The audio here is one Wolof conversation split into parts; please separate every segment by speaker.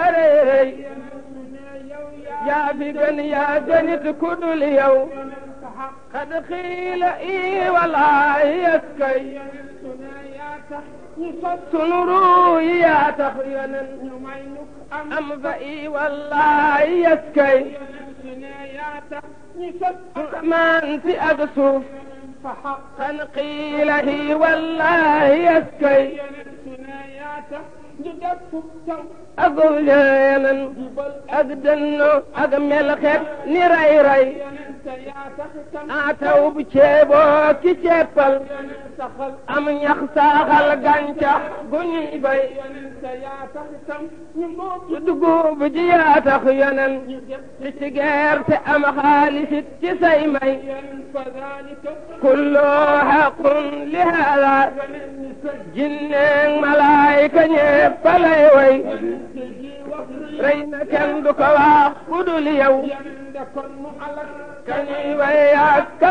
Speaker 1: وري يا بقن يا دنت كل اليوم قد خيل اي والله يسكي نروي يا تخيلا أم فإي والله يسكي ما أنت أقصف فحقا قيل هي والله يسكي ak lëyemen ak dënno ak melxet ni ray ray a taw bu ceeboo ki ceppal am ñax saaxal gàncax gu ñuy bay dugub ji yaa tax yonen li ci gerte am xaalisit ci say may kulloo xaqun li haala jinneeg malaa way ko na kenn du ko wax ku kañuy way ak ka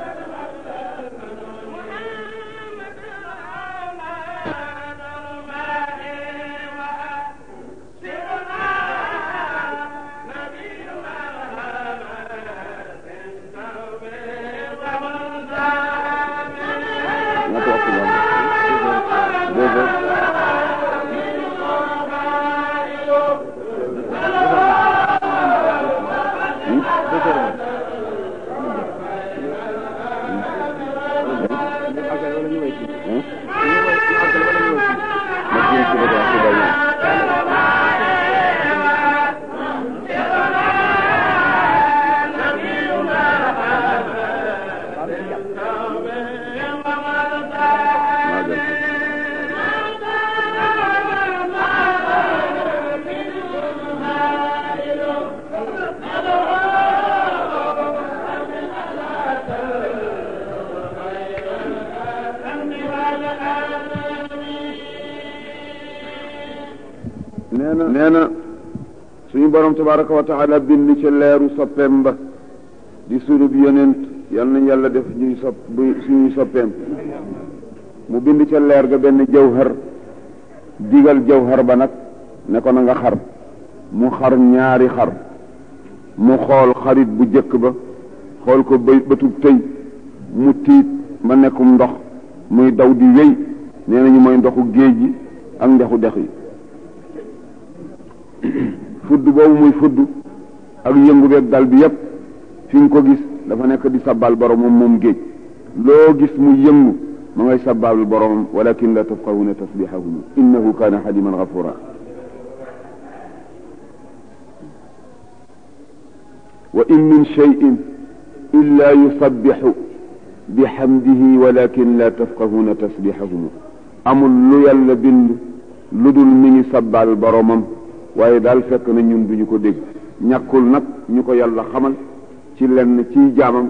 Speaker 2: tabaraka wa taala bind ci leeru soppeem ba di sunub yonent yal nañ yàlla def ñuy sopp suñuy soppeem mu bind ca leer ga benn jawhar digal jawhar ba nag ne ko na nga xar mu xar ñaari xar mu xool xarit bu jëkk ba xool ko bay bëtub tëy mu tiit ba nekkum ndox muy daw di wéy nee nañu mooy ndoxu géej gi ak ndoxu dex yi fudd boobu muy fudd ak yëngu beeg dal bi yépp fi nga ko gis dafa nekk di sabbal boromam moom géej loo gis mu yëngu ma ngay sabbal boromam walakin la tafqahuna tasbihahum innahu kana haliman ghafura wa in min shay'in illa yusabbihu bihamdihi walakin la tafqahuna tasbihahum amul lu yàlla bind lu dul mi ngi sabbal boromam waaye daal fekk na ñun ñu ko dégg ñàkkul nag ñu ko yàlla xamal ci lenn ciy jaamam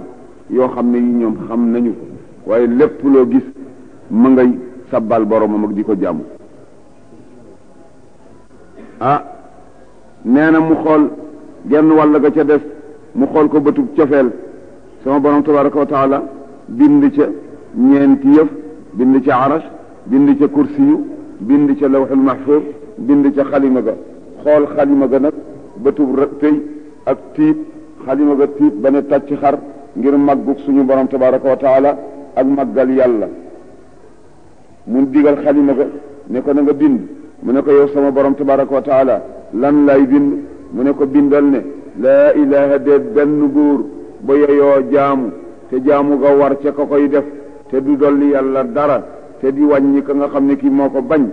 Speaker 2: yoo xam ne yi ñoom xam nañu ko waaye lépp loo gis ma ngay sabbal boromam ak di ko jaamu ah nee na mu xool genn wàll ga ca des mu xool ko bëtub cofeel sama borom tabaraka wa taala bind ca ñeenti yëf bind ca arash bind ca kursiyu bind ca lawxul mahfuz bind ca xalima ga xool xalima ga nag bëtub tëy ak tiit xalima ga tiit ba ne tàcc xar ngir màggug suñu borom tabaraka wa taala ak màggal yàlla mun digal xalima ga ne ko na nga bind mu ne ko yow sama borom tabaraka wa taala lan lay bind mu ne ko bindal ne laa ilaha déet benn buur ba yeyoo jaamu te jaamu ga war ca ka koy def te du dolli yàlla dara te di wàññi ka nga xam ne kii moo ko bañ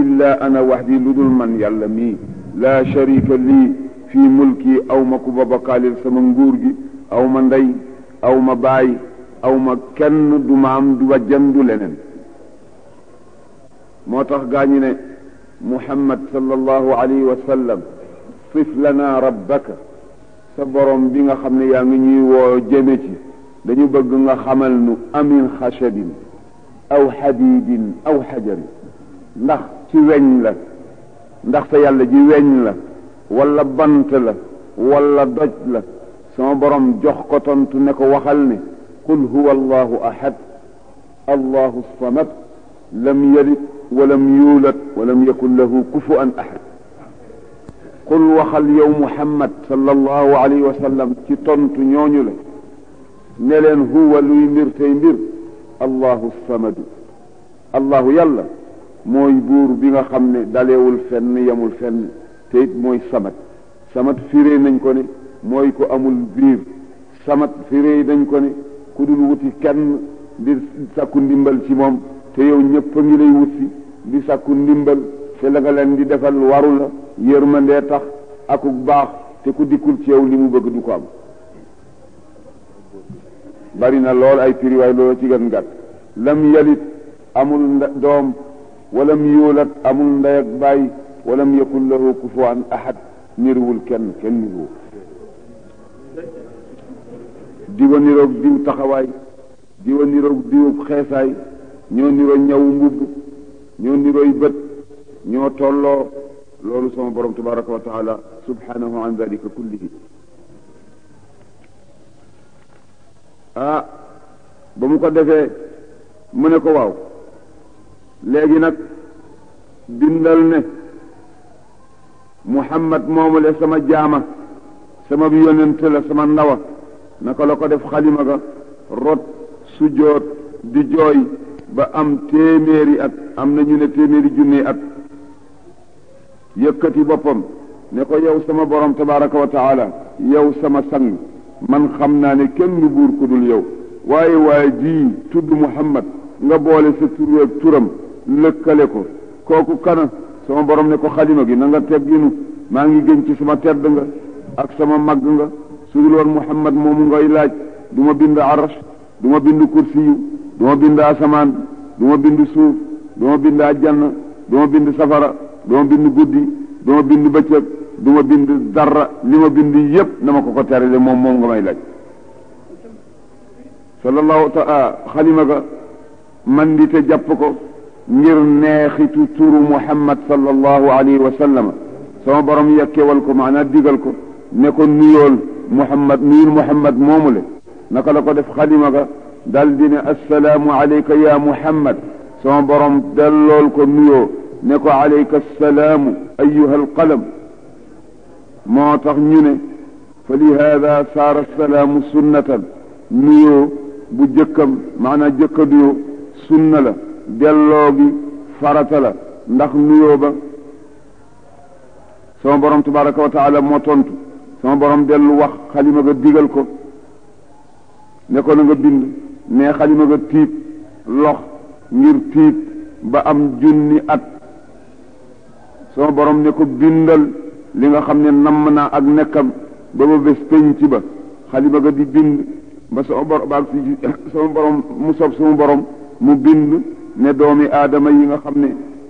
Speaker 2: illa ana wahdi lu dul man yàlla mii لا شريك لي في ملكي او ما كوبا بقال سما او ما نداي او ما باي او ما كن دوما ام دو جند لنن موتاخ غاني ني محمد صلى الله عليه وسلم صف لنا ربك سبروم بيغا خامني ياغي ني و جيمي تي دانيو بغ nga خامل نو امين خشبين او حديد او حجر ناخ تي وين لا ndaxte yàlla ji weñ la wala bant la wala doj la sama borom jox ko tontu ne ko waxal ne qul huwa allahu ahad allahu samad lam yalid walam yuulad walam yakun lahu kufuan ahad qul waxal yow muhammad sallallahu alayhi wa sallam ci tontu ñooñu la ne leen huwa luy mbir tey mbir allahu samadu allahu yàlla mooy buur bi nga xam ne dalewul fenn yemul fenn te mooy samat samat firee nañ ko ne mooy ko amul biir samat firee nañ ko ne ku dul wuti kenn di sakku ndimbal ci moom te yow ñëpp a ngi lay wutsi di sakku ndimbal te la nga leen di defal waru la yërmandee tax aku baax te ku dikkul ci yow li mu bëgg du ko am bari na lool ay piriwaay loolu ci gën gàtt lam yalit amul doom walam yuulat amul ndey ak bàyyi walam yakun lahu kufuwan ahad niruwul kenn kenn niruwul diwa niroog diw taxawaay diwa niroog diwub xeesaay ñoo niroo ñaw mbubb ñoo nirooy bët
Speaker 1: ñoo tolloo
Speaker 2: loolu sama borom tabaraka wa taala subhanahu an dalika kullihi ah ba mu ko defee mu ne ko waaw léegi nag bindal ne muhammad moomu le sama jaama sama bi sama ndawa naka la ko def xalima ga rot sujoot di jooy ba am téeméeri at am na ñu ne téeméeri junne at yëkkati boppam ne ko yow sama borom tabaraka wa taala yow sama sang man xam naa ne kenn lu buur ku dul yow waaye waaye jii tudd muhammad nga boole sa tur ak turam lëkkale ko kooku kana sama borom ne ko xalima gi nanga nga tegginu maa ngi génn ci sama tedd nga ak sama màgg nga sudul woon muhammad moomu ngay laaj du ma bind aras du bind kursiyu du ma bind asamaan du ma bind suuf du bind àjjanna du bind safara du bind guddi du bind bëccëg du ma bind dara lima bind yépp na ma ko ko terale moom moom nga may laaj sallallahu ta xalima ga man di te jàpp ko ngir neexitu turu muhammad sallallahu alayhi wa sallam sama borom yekkewal ko maanaam digal ko ne ko nuyool muhammad nuyul muhammad moomule naka la ko def xalima ga dal di ne assalaamu alayka ya muhammad sama borom dellool ko nuyoo ne ko alayka assalaamu ayuha alqalam moo tax ñu ne fa lihaada saara salaamu sunnatan nuyoo bu jëkkam maanaam jëkkaduyoo sunna la delloo gi farata ndax nuyoo ba sama borom tabaraka wa moo tontu sama borom dellu wax xalima ga digal ko ne ko na nga bind ne xalima ga tiib lox ngir tiib ba am junni at sama borom ne ko bindal li nga xam ne namm naa ak nekkam ba ba bés penc ba xalima ga di bind ba sama borom mu sob sama borom mu bind ne doomi aadama yi nga xam ne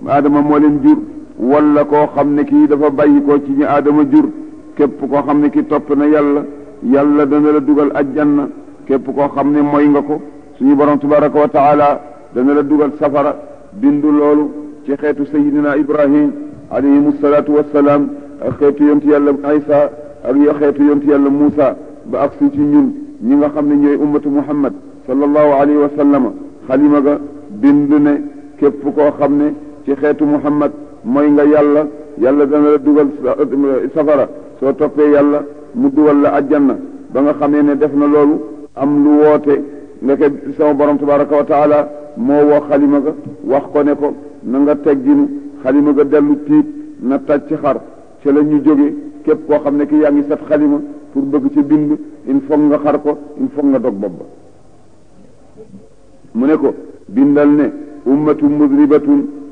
Speaker 2: aadama moo leen jur wala koo xam ne kii dafa bàyyi ko ci ñu aadama jur képp koo xam ne ki topp na yàlla yàlla dana la dugal ajjanna képp koo xam ne mooy nga ko suñu borom tabaraka wa taala dana la dugal safara bindu loolu ci xeetu sayidina ibrahim alayhimu salaatu wassalaam ak xeetu yontu yàlla isa ak yo xeetu yontu yàlla muusa ba ak si ci ñun ñi nga xam ne ñooy ummatu muhammad sallallahu alayhi wa sallama xalima ga bind ne képp koo xam ne ci xeetu muhammad mooy nga yàlla yàlla dana la dugal safara soo toppee yàlla mu dugal la ajjanna ba nga xamee ne def na loolu am lu woote nga ke sama borom tabaraka wa taala moo woo xalima ga wax ko ne ko na nga tegginu xalima ga dellu tiit na tàcc xar ca la ñu jóge képp koo xam ne ki yaa ngi sat xalima pour bëgg ci bind il faut nga xar ko il faut nga dog bopp ba mu ne ko بندلنا أمة مذنبة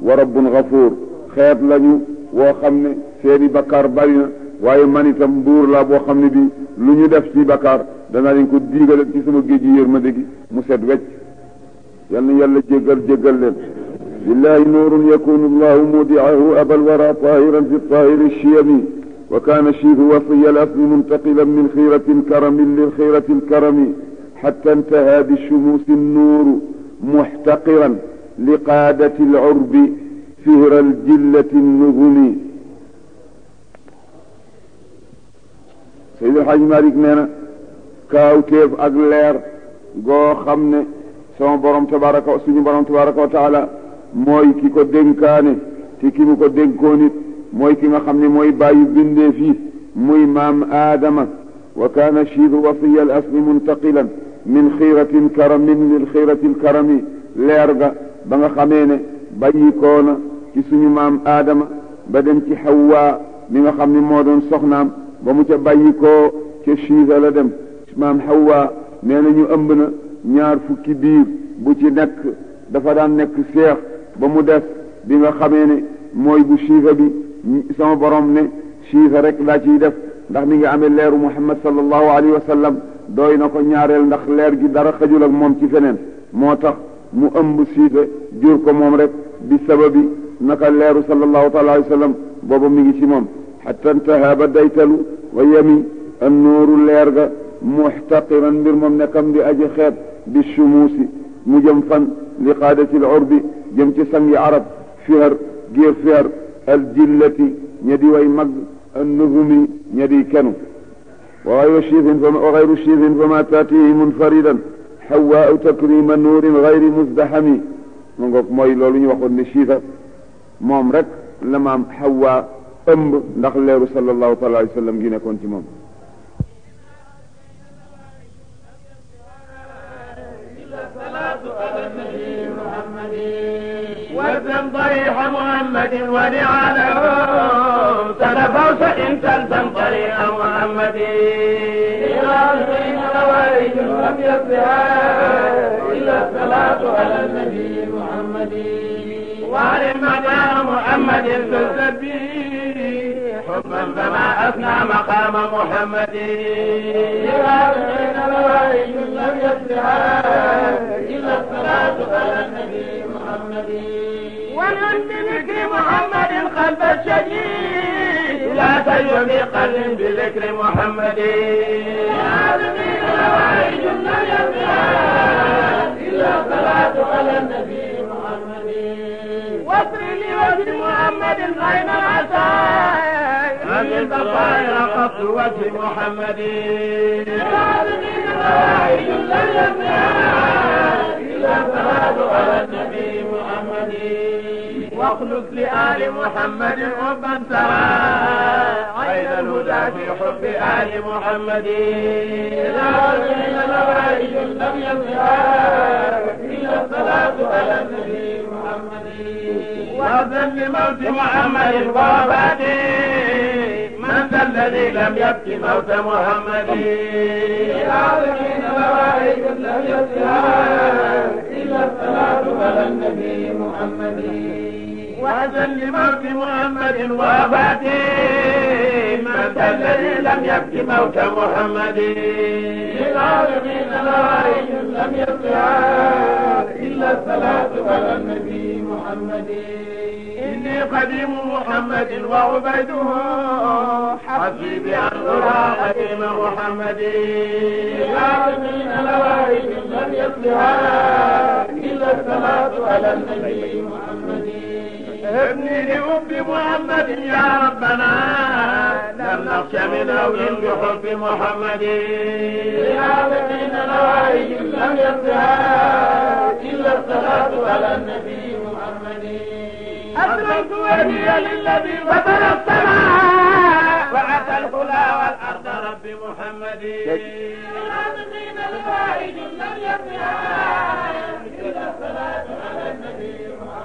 Speaker 2: ورب غفور خير لنو وخمن سيري بكار بارنا وعي ماني تنبور لا بو خمن بي لنو دف سي بكار دانا لنكو ديغل تسمو جيجي يرمدكي مسد وج يلن يلا جيغل جيغل لن لله نور يكون الله مودعه أبا الورى طاهرا في الطاهر الشيمي وكان شيف وصي الأصل منتقلا من خيرة كرم للخيرة الكرم حتى انتهى بالشموس النور محتقرا لقادة العرب فهر الجلة النغم سيد الحاج مالك نانا كاو كيف اغلير غو خمنه سون بروم تبارك وسني بروم تبارك وتعالى موي كيكو دنكاني تي مو كو دنكوني موي كيما خمنه موي بايو بنده في موي مام ادم وكان شيخ وصي الاسم منتقلا min xiiratin karam min min xiiratil karami leer ga ba nga xamee ne na ci suñu maam aadama ba dem ci xawwaa mi nga xam ni moo doon soxnaam ba mu ca bàyyikoo ca chiisa la dem maam xawwaa nee na ñu ëmb na ñaar fukki biir bu ci nekk dafa daan nekk seex ba mu des bi nga xamee ne mooy bu chiisa bi sama borom ne chiisa rek laa ciy def ndax mi nga amee leeru muhammad sallallahu alayhi wa sallam dooy na ko ñaareel ndax leer gi dara xajul moom ci feneen moo tax mu ëmb siite jur ko moom rek bi sababi naka leeru sallallahu taala alayhi wa sallam booba ngi ci moom xata ntaha ba daytalu wa yemi an nooru leer ga muxtaqiran mbir moom nekkam di aji xeet bi sumuusi mu jëm fan li qaadatil urbi jëm ci sangi arab fihar giir fihar al jillati ña di way mag an nuhumi ña kenu وغير الشيث فما, وغير الشيث فما تاتيه منفردا حواء تكريم نور غير مزدحم نقول موي لولو ني واخون ني شيفا لما حواء امب نخ ليرو صلى الله عليه وسلم جينا كون تي
Speaker 1: الصلاة على النبي محمد وعلى مدى محمد تسبي حبا فما أثنى مقام محمد يا لهذا الوائل لم يصلها إلا الصلاة على النبي محمد ولن بذكر محمد قلب الشديد لا تجد في قلب بذكر محمد يا
Speaker 2: لهذا الوائل لم يصلها
Speaker 1: الصلاة على النبي محمد واسر لي محمد بين العتاي عن البصائر قط وجه محمد للعالمين الرواحي جل الأبناء إلا الصلاة على النبي محمد واخلص لآل محمد حبا ترى عين الهدى في حب آل محمد إلى بين نوائج لم يظهر إلا الصلاة على النبي محمد وأذن لموت محمد وفاته من ذا الذي لم يبكي موت محمد إلى العالمين لوائد لم يبكيها إلا الصلاة على النبي محمد وحدا لموت محمد وفاته مبدا الذي لم يبك موت محمد للعالمين العالم لم يبقها إلا الصلاة على النبي محمد إني قديم محمد وعبيده حسبي بأن قديم محمد للعالمين العالم لم يصلها إلا الصلاة على النبي محمد ابني لأم محمد يا ربنا لم نخش من أول بحب محمد لهذا فينا نوائج لم يرضها إلا الصلاة على النبي محمد أسلمت وجهي للذي فطر السماء وعسى الهلا والأرض رب محمد لهذا فينا نوائج لم يرضها إلا الصلاة على النبي محمد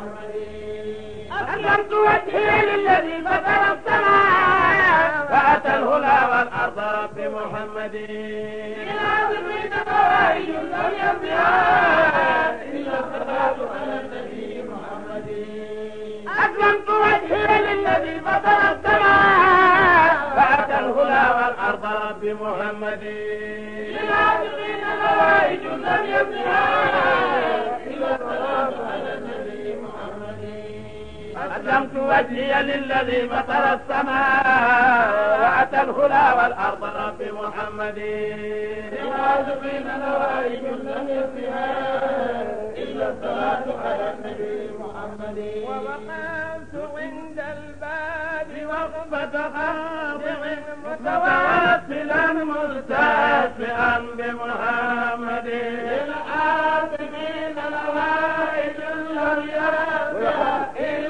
Speaker 1: أسلمت وجهي للذي فطر السماء فأتى الهنا والأرض رب محمد إلى ظلمي طوائل لم يمضيها
Speaker 2: إلا فطرت على
Speaker 1: النبي محمد أسلمت وجهي للذي فطر السماء فأتى الهنا والأرض رب محمد إلى ظلمي طوائل لم يمضيها أسلمت وجهي للذي فطر السماء وأتى الهلا والأرض رب محمد لواجب من رأيك لم يصلها إلا الصلاة على النبي محمد وقفت عند الباب وقفة خاضع متواصلا مستشفئا بمحمد للآثمين الأوائل لم يرى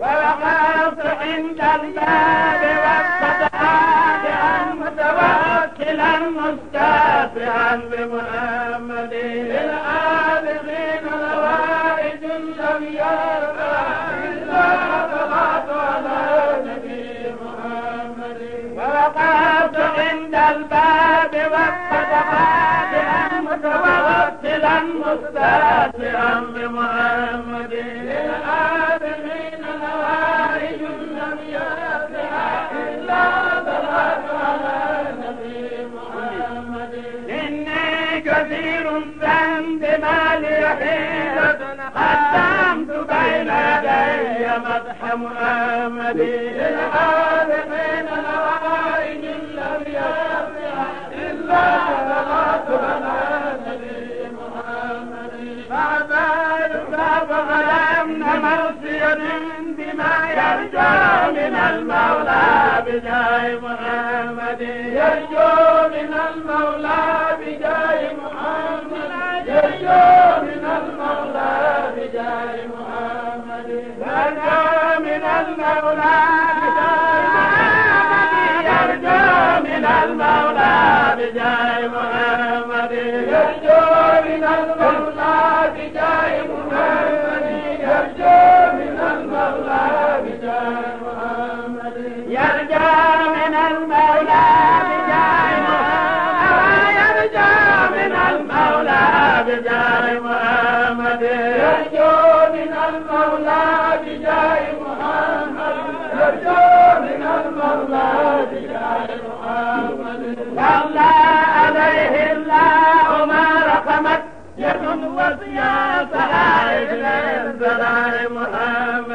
Speaker 1: ووقفت عند الباب والصدعان متوكلا مستافعا بمحمد للآبقين نوائج لم وقفت عند الباب وقفت خادئا متوكلا مستاسئا بمحمد للآدمين نوائج لم يأتها إلا بلغت على نبي محمد إني كثير الذنب ما لي حيلة قدمت بين يدي مدح محمد للآدمين نوائج مرسيد بما يرجو من المولى بجاه محمد يرجو من المولى بجاه محمد يرجو من المولى بجاه محمد يرجو من المولى يرجو من بجاه محمد يرجو من المولى بجاه محمد يرجى من المولى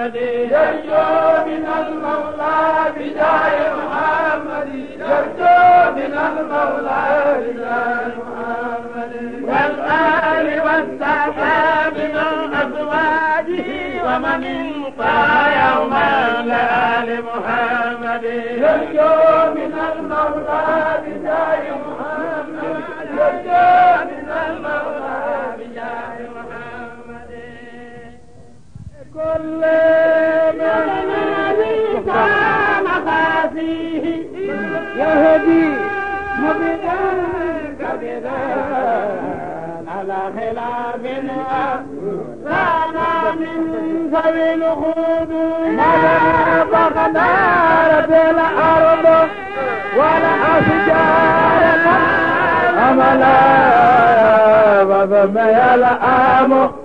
Speaker 1: محمد يرجو من المولى بداية محمد يرجو من المولى بداية محمد والآل والصحاب من أزواجه ومن انطى يوما لآل محمد يرجو من المولى بداية محمد يرجو من المولى سلم كان يا هدي مبدا كبدا على خلاف كان من ذوي الخود ولا بغداد الارض ولا اشجار املا وفما يلام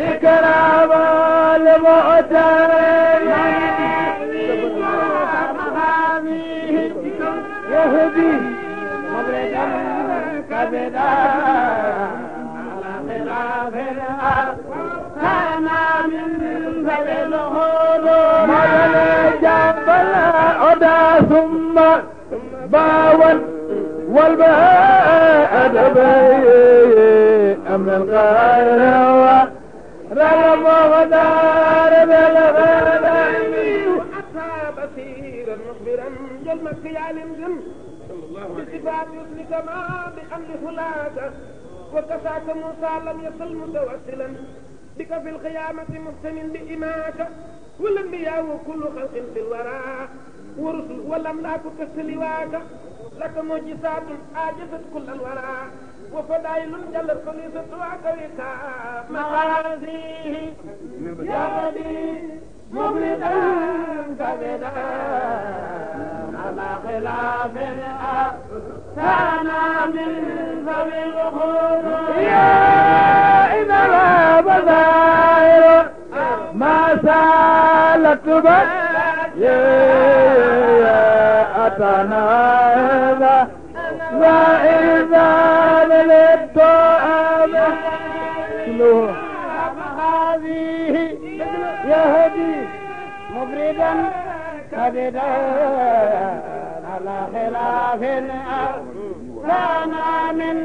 Speaker 1: إكرام المؤتمين يهدي مبردا كبدا على خلاف الأرض كان من ذي الهروب مغنى جبل عدا ثم باوا والباء أدبي أمن القاهرة الله رلم ودار بالغنم وأتى بصيرا مخبرا جل جلمك يا لمزم بصفات يسلك ما بأمر هلاك وكفاك موسى لم يصل متوسلا بك في القيامة مهتم بإماك والأنبياء وكل خلق في الورى ورسل والأملاك تسلواك لك معجزات عاجزت كل الورى وفضائل جلت كنيسة وكويتا مغازيه يا ربي
Speaker 2: مبردا كبدا
Speaker 1: على خلاف كان من ذوي الخلود يا إنما بظاهر ما زالت تبت يا أتنا إذا وإذا أبدا على خلاف الأرض لنا من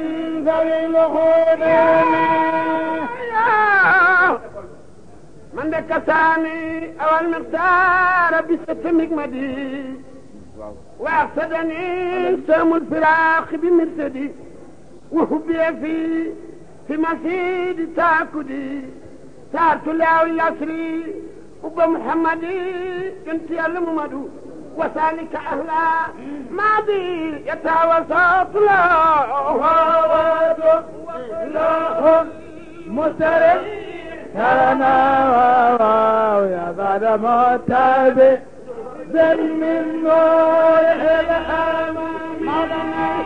Speaker 1: ذوي الخلود من دكتاني أول مقدار بستمك مدي وأفسدني سام الفراق بمرسدي وحبي في في مسيد تاكدي صارت له الأسري أبو محمد كنت يا الممدو وسالك أهلا ماضي يتوسط له وواد له مسترد ترنا ويا بعد متابع زل من نور الأمام مرنا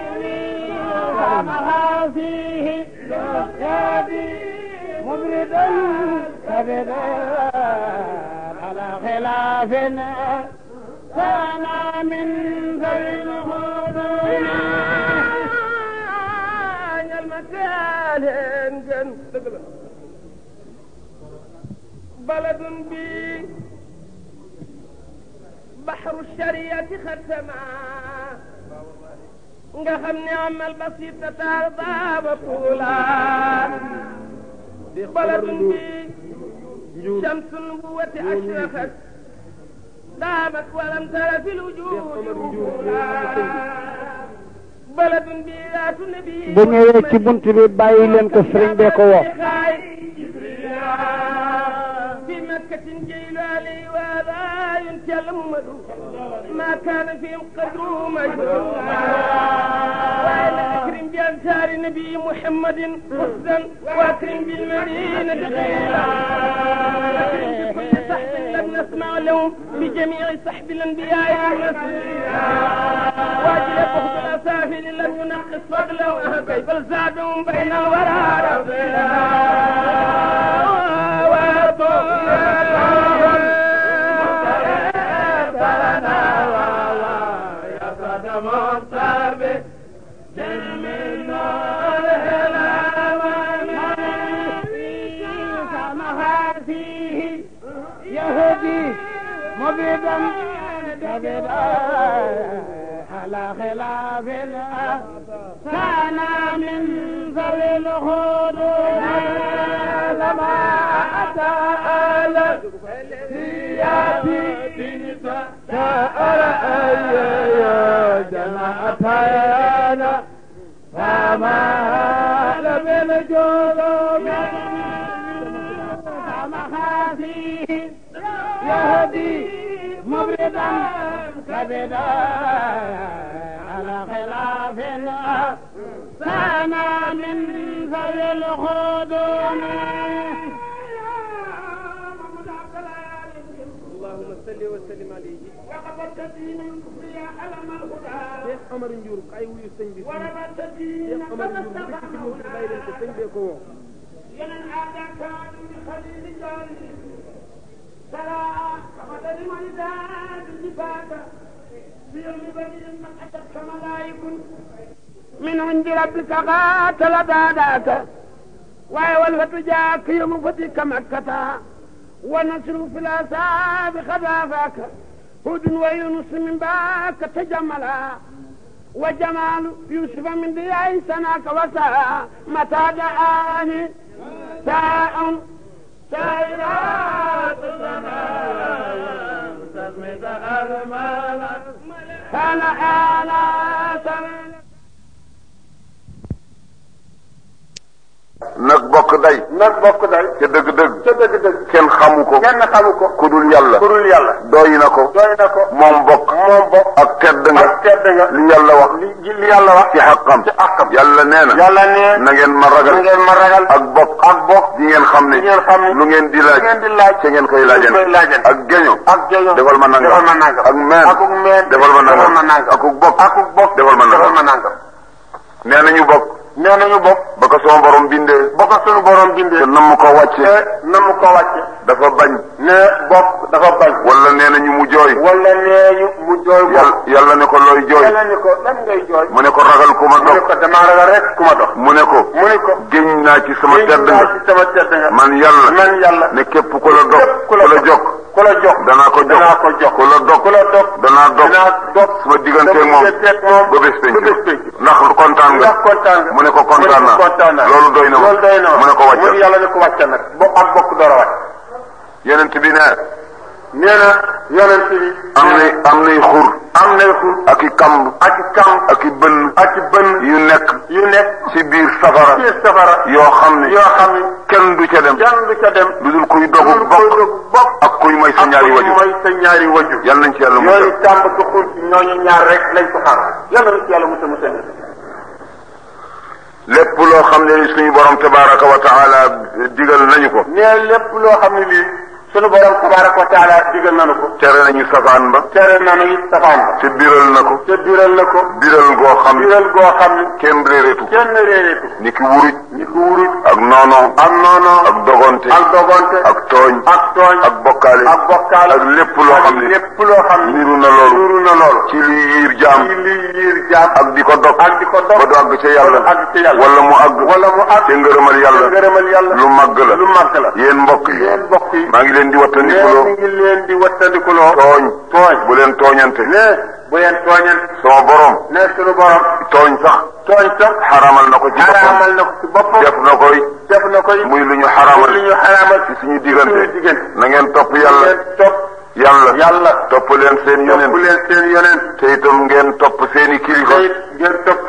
Speaker 1: فيه يا بيه مبردا كبدا على خلافنا كان من ذوي الهدوء آه، يا المكان جن بلد بي بحر الشريعة ختمة nga xam ne amal basita taal
Speaker 2: بلد بي
Speaker 1: شمس النبوة أشرفت دامت ولم تر في الوجود بلد بي ذات في مكة جيلالي ينتلمد ما كان فيهم قدر مجهول بأبتار نبي محمد قدسا وأكرم بالمدينة خيرا بكل صحب لم نسمع لهم بجميع صحب الأنبياء المسيرا واجل فهد الأسافل لم ينقص فضله بل زادهم بين الورى ربنا الأقدم على خلاف كان من ذوي الخدود لما أتى آل سياتي سأل أي جماعة يانا فما هل بالجلوب فما هذه يهدي مبردا كبدا على خلاف سانا من في الخدود اللهم صل وسلم عليه وربت دينا يا علم الهدى شيخ عمر نجورك اي ويو سنجي وربت دينا كما استقامنا يلن عادك من خليل جاري من عند ربك قاتل داداك والفتح جاك يوم فتك مكة ونسر في الأساب خذافك هود ويونس من باك تجملا وجمال يوسف من دياي سناك وساء متى دعاني ساء سيدات زمان سمت أرمانا كان أنا سمت
Speaker 2: nag bokk day. nag bokk day. ca dëgg-dëgg. ca dëgg-dëgg. kenn xamu ko. kenn xamu ko. ku dul yàlla. ku dul yàlla. doy na ko. doy na ko moom bokk. moom bokk ak tedd nga. ak tedd nga li yàlla wax. li li yàlla wax. ci xaqam ci xaqam. yàlla nee na. yàlla nee na ngeen ma ragal. na ngeen ma ragal. ak bokk. ak bokk di ngeen xam ne. ngeen xam ne lu ngeen di laaj. lu ngeen di laaj ca ngeen koy laajal. ngeen koy laajal ak geño. ak geño defal ma nangam. defal ma nangam ak meen. akuk meen defal ma nangam. defal ma nangam akuk bokk. akuk bokk defal ma nangam. defal ma nangam nee na ñu bokk nee nañu bopp ba ko sama borom bindee ba ko suñu borom bindee te nam ko wàcce nam ko dafa bañ ne bopp dafa bañ wala nee nañu mu jooy wala nee ñu mu jooy ne ko looy jooy yàlla ne ko lan ngay mu ne ko ragal ku ma dox mu ne ku ma dox mu ne ko mu ne ko géñ naa ci sama tedd nga sama tedd nga man yàlla man yàlla ne képp ku la dox ku la jokk ku la jox danaa ko jox danaa ko jox ku la dog ku la dog danaa dog danaa dog sama diggante moom ba bés penc ndax kontaan nga mu ne ko kontaan naa loolu doy na ma mu ne ko wàccal mu ne yàlla ne ko wàccal nag boo am bokk dara wàcc yonent bi ne nee na yonent am nay am nay xur. am nay xur. ak i kamb. ak i kamb. ak i bënn. ak i bënn. yu nekk. yu nekk. ci biir safara. biir safara. yoo xam ne. yoo xam ne. kenn du ca dem. kenn du ca dem. lu dul kuy dogu bokk. ak kuy mooy sa ñaari waju. ak yal nañ ci yàlla musal. yooyu tàmb ci lañ ko xaar. yàlla musal musal. lépp loo xam ne suñu borom tabaaraka wa taala digal nañu ko. mais lépp loo xam ne lii. sunu borom tabaraka wa taala digal nanu ko. tere nañu safaan ba. tere nañu safaan ba. te biral na ko. te biral na ko. biral goo xam. biral goo xam ne. kenn réerétu. kenn réerétu. ni ki wuruj. ni ki wuruj. ak noono. ak noono. ak dogonte. ak dogonte. ak tooñ. ak tooñ. ak bokkaale. ak bokkaale. ak lépp loo xam ne. lépp loo xam ne. niru na loolu. niru na loolu. ci liy yiir jaam. ci liy yiir jaam. ak di ko dog. ak di ko dog. ba du àgg ca yàlla. ba du àgg ca yàlla. wala mu àgg. wala mu àgg. te ngërëmal yàlla. te ngërëmal yàlla. lu màgg la. lu màgg la. yéen mbokk yi. yéen mbokk yi. maa ngi leen di wattandikuloo nee mi ngi leen di wattandikuloo. tooñ. tooñ bu leen tooñante. nee bu leen tooñante. sama borom. nee sunu borom. tooñ sax. tooñ sax. xaramal na ko ci boppam xaramal na ko ci boppam. def na koy. def na koy muy lu ñu xaramal muy lu ñu xaramal. ci suñu diggante na ngeen topp yàlla. na ngeen topp. yàlla yàlla. topp leen seen yonent. topp leen seen yonent. te itam ngeen topp seen i kilifa. ngeen topp.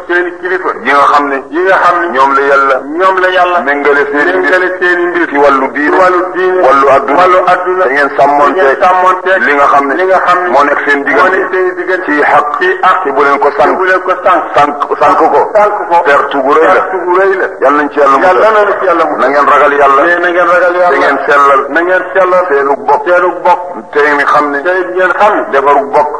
Speaker 2: ñi nga xam ne. ñi nga xam ne ñoom la yàlla. ñoom la yàlla. méngale seen i mbir i mbir. ci wàllu diine wàllu diine wàllu adduna wàllu adduna. da ngeen sàmmonteeg nga xam ne. li nga xam moo nekk seen diggante. moo nekk seen diggante bu leen ko sànq. bu leen ko sànq. sànq ko. sànq ko perte gu rëy la. perte gu na ngeen ragal yàlla. na ngeen ragal yàlla. da ngeen sellal. na ngeen sellal. seenug bokk seenug bokk. tey xam ne. tey ngeen xam ne. defarug bokk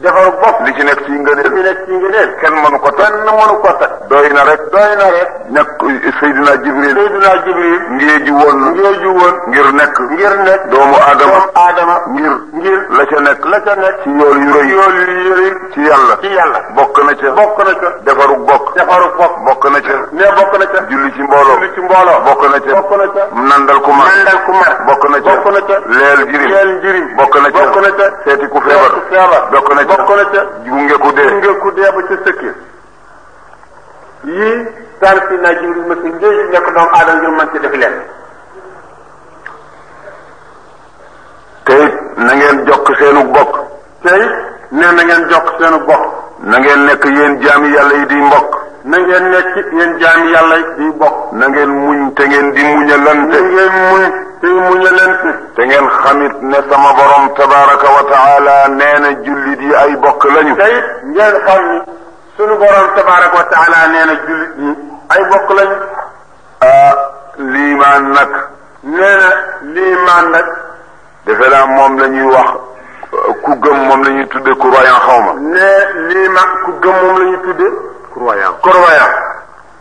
Speaker 2: defaru bopp li ci nekk ci ngëneel li ci nekk ci ngëneel kenn mënu ko teg kenn mënu ko teg doy na rek doy na rek nekk Seydina Jibril Seydina Jibril ngéeju woon ngéeju woon ngir nekk ngir nekk doomu aadama doomu aadama ngir ngir la ca nekk la ci yool yu rëy yool yu ci yàlla ci yàlla bokk na ca bokk na ca defaru bokk defaru bokk bokk na ca ne bokk na ca julli ci mbooloo julli ci mbooloo bokk na ca bokk na ca nandal ku mar nandal ku mar bokk na ca bokk na ca leel jirim leel jirim bokk na ca bokk na ca seeti ku feebar feebar bokk na bokk na ca. gunge ku dee gunge ku dee ba ca sëkkee. yii daal si ma si nekk doomu aadama mën ci def leen. na ngeen jokk seenu bokk. te it nee na ngeen jokk seenu bokk. na ngeen nekk yéen jaami yàlla yi di mbokk. na ngeen nekk yéen jaami yàlla yi di bokk. na muñ te ngeen di muñalante. na ngeen muñ. tey muñalante te ngeen xamit ne sama borom tabaraka wa taala nee na jullit yi ay bokk lañu tey ngeen xam ni sunu borom tabaraka wa taala nee na jullit yi ay bokk lañu ah liimaan nag nee na liimaan nag defe naa moom la ñuy wax ku gëm moom la ñuy tudde croyant xaw ma ne liimaan ku gëm moom la ñuy tudde croyant croyant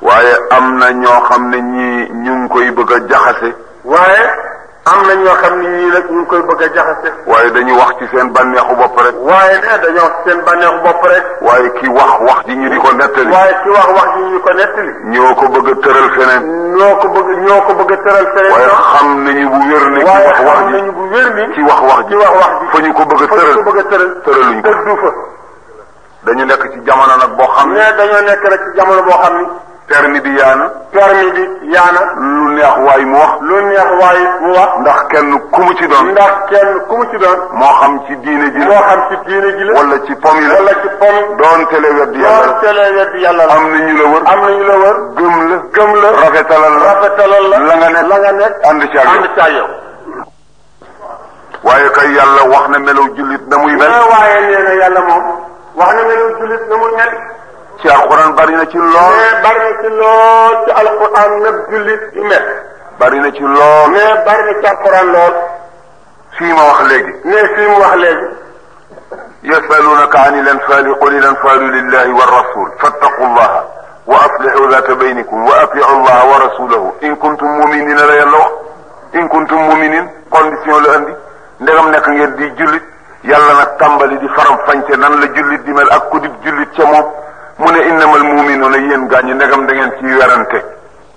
Speaker 2: waaye am na ñoo xam ne ñii ñu ngi koy bëgg a jaxase waaye am na ñoo xam ni ñii nag ñu ngi koy bëgg a jaxase. waaye dañuy wax ci seen bànneexu bopp rek. waaye nee dañoo wax ci seen bànneexu bopp rek. waaye ki wax wax ji ñu di ko nettali. waaye ki wax wax ji ñu ko nettali. ñoo ko bëgg a tëral feneen. ñoo ko bëgg ñoo ko bëgg a tëral feneen. waaye xam nañu bu wér ne. waaye xam nañu bu wér ni ki wax wax ji. ki wax wax ji fa ñu ko bëgg a tëral fa ñu ko bëgg a tëral. tëraluñ ko tëddu fa. dañu nekk ci jamono nag boo xam ne. nee dañoo nekk rek ci jamono boo xam ni. termidi yaana. termidi yaana. lu neex waay mu wax. lu neex waay mu wax. ndax kenn ku mu ci doon. ndax kenn ku mu ci doon. moo xam ci diine ji la. moo xam ci diine ji la. wala ci pom yi la. wala ci pomi. doon télé wedd yàlla la. doon télé yàlla am na ñu la wër. am na ñu la wër. gëm la. gëm la. rafetalal la. rafetalal la. la nga nekk la nga nekk. ànd ci ak yow ànd ci waaye kay yàlla wax na melaw jullit na muy mel. waaye nee yàlla moom. wax na melaw jullit na muy mel. ci alquran bari na ci lool mais bari na ci lool بارينا alquran na julit yi ne bari na ci lool mais bari يسألونك عن الأنفال قل الأنفال لله والرسول فاتقوا الله وأصلحوا ذات بينكم وأطيعوا الله ورسوله إن كنتم مؤمنين لا يلو إن كنتم مؤمنين كونديسيون لو اندي نغام نك يدي جوليت يالا نك تامبالي دي فرام فانتي نان لا جوليت دي مال اك كوديت جوليت mu ne innamal muminuna yéen gaañu ndegam da ngeen ci werante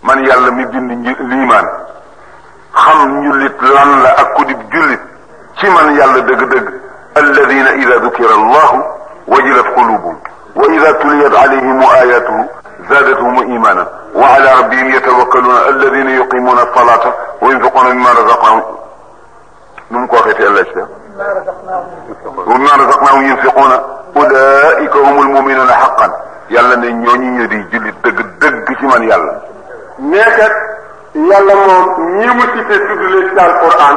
Speaker 2: man yàlla mi bind liimaan xam njullit lan la ak kudib jullit ci man yàlla dëgg-dëgg alladina ida dukira allahu wajilat qulubuhum wa ida tuliyat alayhim ayatuhu زادتهم ايمانا وعلى ربهم يتوكلون الذين يقيمون الصلاه وينفقون مما رزقناهم من كوخه الله ومما رزقناهم ينفقون اولئك هم المؤمنون حقا yàlla na ñooñu ñu di jullit dëgg dëgg ci man yàlla. mais kat yàlla moom ñii mu cité tudd leen ci alquran